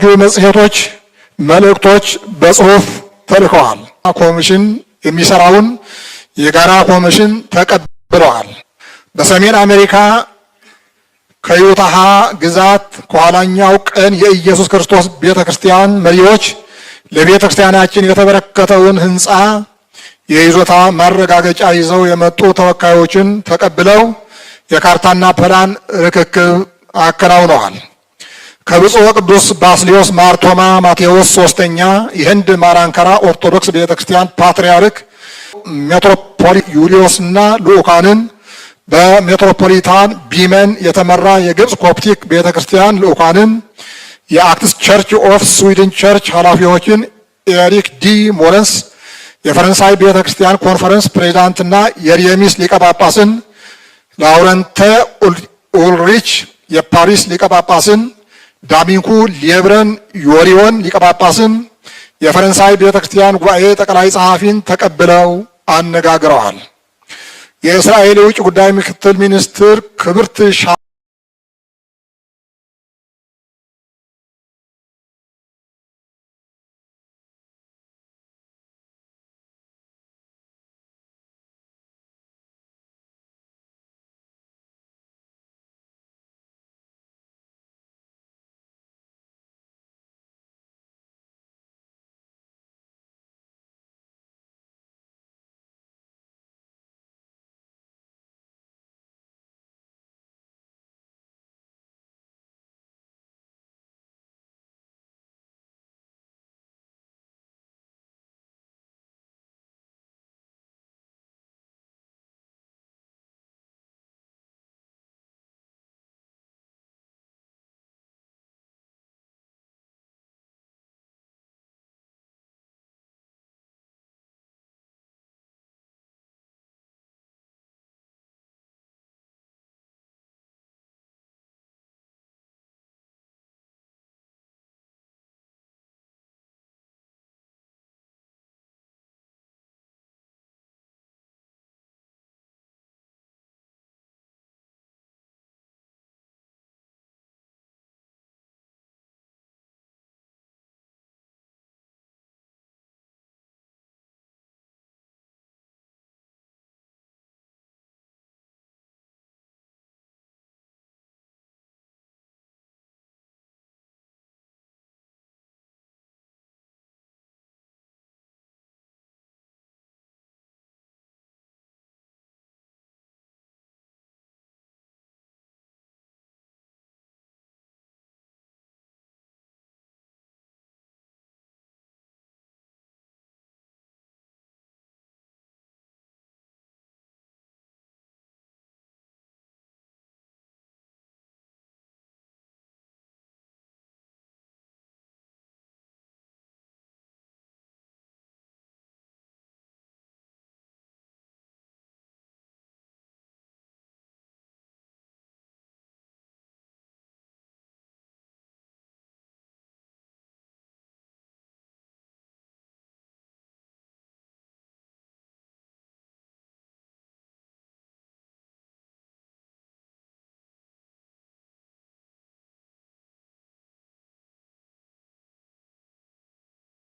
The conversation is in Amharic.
የተዘጋጁ መጽሔቶች፣ መልእክቶች በጽሁፍ ተልከዋል። ኮሚሽን የሚሰራውን የጋራ ኮሚሽን ተቀብለዋል። በሰሜን አሜሪካ ከዩታሃ ግዛት ከኋላኛው ቀን የኢየሱስ ክርስቶስ ቤተ ክርስቲያን መሪዎች ለቤተ ክርስቲያናችን የተበረከተውን ሕንፃ የይዞታ ማረጋገጫ ይዘው የመጡ ተወካዮችን ተቀብለው የካርታና ፕላን ርክክብ አከናውነዋል። ከብፁዕ ቅዱስ ባስልዮስ ማርቶማ ማቴዎስ ሶስተኛ የህንድ ማራንከራ ኦርቶዶክስ ቤተ ክርስቲያን ፓትርያርክ ሜትሮፖሊት ዩልዮስና ልኡካንን በሜትሮፖሊታን ቢመን የተመራ የግብፅ ኮፕቲክ ቤተ ክርስቲያን ልኡካንን የአክትስ ቸርች ኦፍ ስዊድን ቸርች ኃላፊዎችን ኤሪክ ዲ ሞረንስ የፈረንሳይ ቤተ ክርስቲያን ኮንፈረንስ ፕሬዚዳንትና የሪየሚስ ሊቀ ጳጳስን ላውረንተ ኡልሪች የፓሪስ ሊቀ ጳጳስን ዳሚንኩ ሊብረን ዮሪዮን ሊቀ የፈረንሳይ ቤተክርስቲያን ጉባኤ ጠቅላይ ጸሐፊን ተቀብለው አነጋግረዋል። የእስራኤል የውጭ ጉዳይ ምክትል ሚኒስትር ክብርት